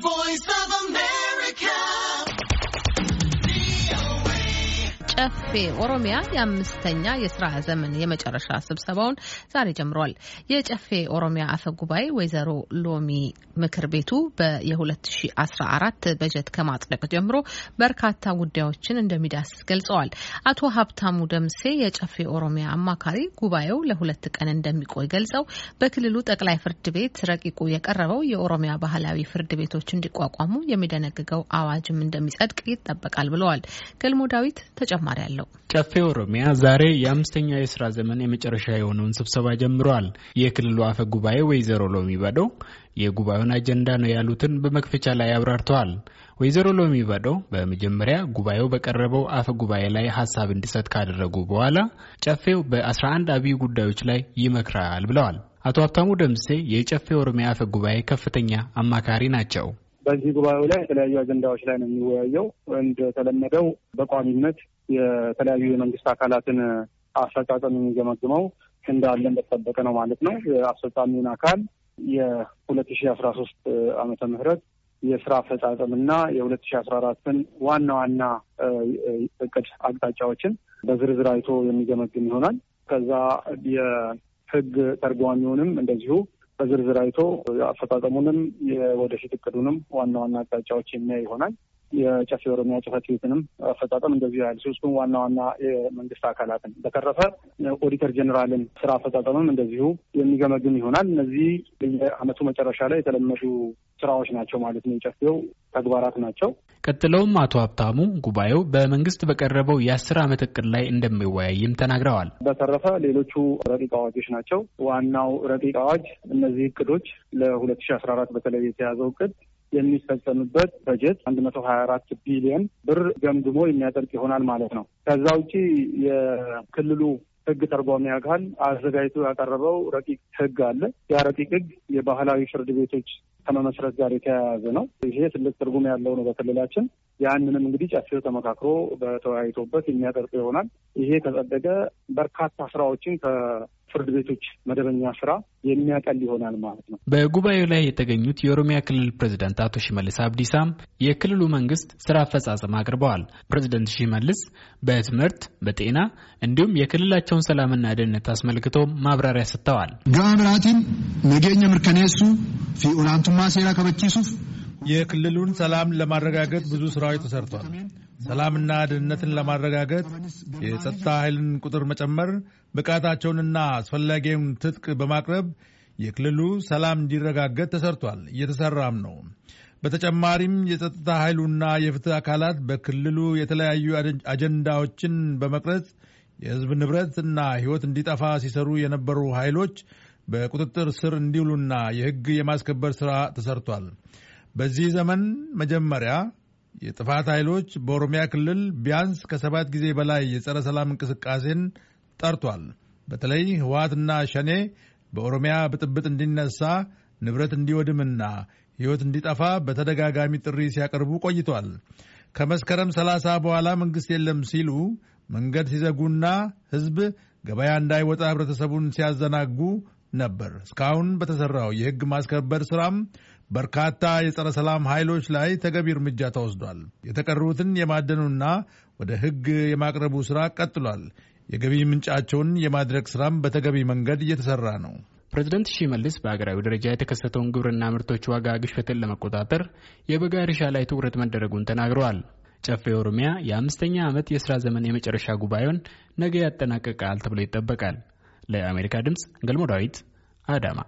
voice of a man. ጨፌ ኦሮሚያ የአምስተኛ የስራ ዘመን የመጨረሻ ስብሰባውን ዛሬ ጀምሯል። የጨፌ ኦሮሚያ አፈ ጉባኤ ወይዘሮ ሎሚ ምክር ቤቱ በ2014 በጀት ከማጽደቅ ጀምሮ በርካታ ጉዳዮችን እንደሚዳስስ ገልጸዋል። አቶ ሀብታሙ ደምሴ የጨፌ ኦሮሚያ አማካሪ ጉባኤው ለሁለት ቀን እንደሚቆይ ገልጸው በክልሉ ጠቅላይ ፍርድ ቤት ረቂቁ የቀረበው የኦሮሚያ ባህላዊ ፍርድ ቤቶች እንዲቋቋሙ የሚደነግገው አዋጅም እንደሚጸድቅ ይጠበቃል ብለዋል። ገልሞ ዳዊት ተጨማ ተጨማሪ አለው። ጨፌ ኦሮሚያ ዛሬ የአምስተኛው የስራ ዘመን የመጨረሻ የሆነውን ስብሰባ ጀምረዋል። የክልሉ አፈ ጉባኤ ወይዘሮ ሎሚ በዶ የጉባኤውን አጀንዳ ነው ያሉትን በመክፈቻ ላይ አብራርተዋል። ወይዘሮ ሎሚ በዶ በመጀመሪያ ጉባኤው በቀረበው አፈ ጉባኤ ላይ ሀሳብ እንዲሰጥ ካደረጉ በኋላ ጨፌው በ11 አብይ ጉዳዮች ላይ ይመክራል ብለዋል። አቶ ሀብታሙ ደምሴ የጨፌ ኦሮሚያ አፈ ጉባኤ ከፍተኛ አማካሪ ናቸው። በዚህ ጉባኤው ላይ የተለያዩ አጀንዳዎች ላይ ነው የሚወያየው። እንደተለመደው በቋሚነት የተለያዩ የመንግስት አካላትን አፈጻጸም የሚገመግመው እንዳለ እንደተጠበቀ ነው ማለት ነው። የአስፈጻሚውን አካል የሁለት ሺ አስራ ሶስት አመተ ምህረት የስራ አፈጻጸም እና የሁለት ሺ አስራ አራትን ዋና ዋና እቅድ አቅጣጫዎችን በዝርዝር አይቶ የሚገመግም ይሆናል። ከዛ የህግ ተርጓሚውንም እንደዚሁ በዝርዝር አይቶ አፈጣጠሙንም የወደፊት እቅዱንም ዋና ዋና አቅጣጫዎች የሚያይ ይሆናል። የጨፌ ኦሮሚያ ጽህፈት ቤትንም አፈጣጠም እንደዚህ ያህል ሶስቱም ዋና ዋና የመንግስት አካላትን በተረፈ ኦዲተር ጀኔራልን ስራ አፈጣጠምም እንደዚሁ የሚገመግም ይሆናል። እነዚህ የአመቱ መጨረሻ ላይ የተለመዱ ስራዎች ናቸው ማለት ነው። የጨፌው ተግባራት ናቸው። ቀጥለውም አቶ ሀብታሙ ጉባኤው በመንግስት በቀረበው የአስር ዓመት እቅድ ላይ እንደሚወያይም ተናግረዋል። በተረፈ ሌሎቹ ረቂቅ አዋጆች ናቸው። ዋናው ረቂቅ አዋጅ እነዚህ እቅዶች ለሁለት ሺ አስራ አራት በተለይ የተያዘው እቅድ የሚፈጸምበት በጀት አንድ መቶ ሀያ አራት ቢሊዮን ብር ገምግሞ የሚያጠልቅ ይሆናል ማለት ነው። ከዛ ውጪ የክልሉ ህግ ተርጓሚ አካል አዘጋጅቶ ያቀረበው ረቂቅ ህግ አለ። ያ ረቂቅ ህግ የባህላዊ ፍርድ ቤቶች ከመመስረት ጋር የተያያዘ ነው። ይሄ ትልቅ ትርጉም ያለው ነው በክልላችን። ያንንም እንግዲህ ጨፌው ተመካክሮ በተወያይቶበት የሚያጠርቁ ይሆናል። ይሄ ከጸደቀ በርካታ ስራዎችን ከፍርድ ቤቶች መደበኛ ስራ የሚያቀል ይሆናል ማለት ነው። በጉባኤው ላይ የተገኙት የኦሮሚያ ክልል ፕሬዚደንት አቶ ሽመልስ አብዲሳም የክልሉ መንግስት ስራ አፈጻጸም አቅርበዋል። ፕሬዚደንት ሽመልስ በትምህርት በጤና እንዲሁም የክልላቸውን ሰላምና ደህንነት አስመልክቶ ማብራሪያ ሰጥተዋል። ገባ nageenya mirkaneessuu fi olaantummaa ሴራ kabachiisuuf የክልሉን ሰላም ለማረጋገጥ ብዙ ስራዎች ተሰርቷል። ሰላምና ደህንነትን ለማረጋገጥ የጸጥታ ኃይልን ቁጥር መጨመር፣ ብቃታቸውንና አስፈላጊውን ትጥቅ በማቅረብ የክልሉ ሰላም እንዲረጋገጥ ተሰርቷል፣ እየተሰራም ነው። በተጨማሪም የጸጥታ ኃይሉና የፍትህ አካላት በክልሉ የተለያዩ አጀንዳዎችን በመቅረጽ የህዝብ ንብረት እና ህይወት እንዲጠፋ ሲሰሩ የነበሩ ኃይሎች በቁጥጥር ስር እንዲውሉና የሕግ የማስከበር ሥራ ተሰርቷል። በዚህ ዘመን መጀመሪያ የጥፋት ኃይሎች በኦሮሚያ ክልል ቢያንስ ከሰባት ጊዜ በላይ የጸረ ሰላም እንቅስቃሴን ጠርቷል። በተለይ ህወሓትና ሸኔ በኦሮሚያ ብጥብጥ እንዲነሳ ንብረት እንዲወድምና ሕይወት እንዲጠፋ በተደጋጋሚ ጥሪ ሲያቀርቡ ቆይቷል። ከመስከረም ሰላሳ በኋላ መንግሥት የለም ሲሉ መንገድ ሲዘጉና ሕዝብ ገበያ እንዳይወጣ ህብረተሰቡን ሲያዘናጉ ነበር። እስካሁን በተሰራው የህግ ማስከበር ስራም በርካታ የጸረ ሰላም ኃይሎች ላይ ተገቢ እርምጃ ተወስዷል። የተቀሩትን የማደኑና ወደ ህግ የማቅረቡ ስራ ቀጥሏል። የገቢ ምንጫቸውን የማድረግ ስራም በተገቢ መንገድ እየተሰራ ነው። ፕሬዚደንት ሺመልስ በሀገራዊ ደረጃ የተከሰተውን ግብርና ምርቶች ዋጋ ግሽበትን ለመቆጣጠር የበጋ እርሻ ላይ ትኩረት መደረጉን ተናግረዋል። ጨፌ ኦሮሚያ የአምስተኛ ዓመት የሥራ ዘመን የመጨረሻ ጉባኤውን ነገ ያጠናቀቃል ተብሎ ይጠበቃል። ለአሜሪካ ድምፅ ገልሞ ዳዊት አዳማ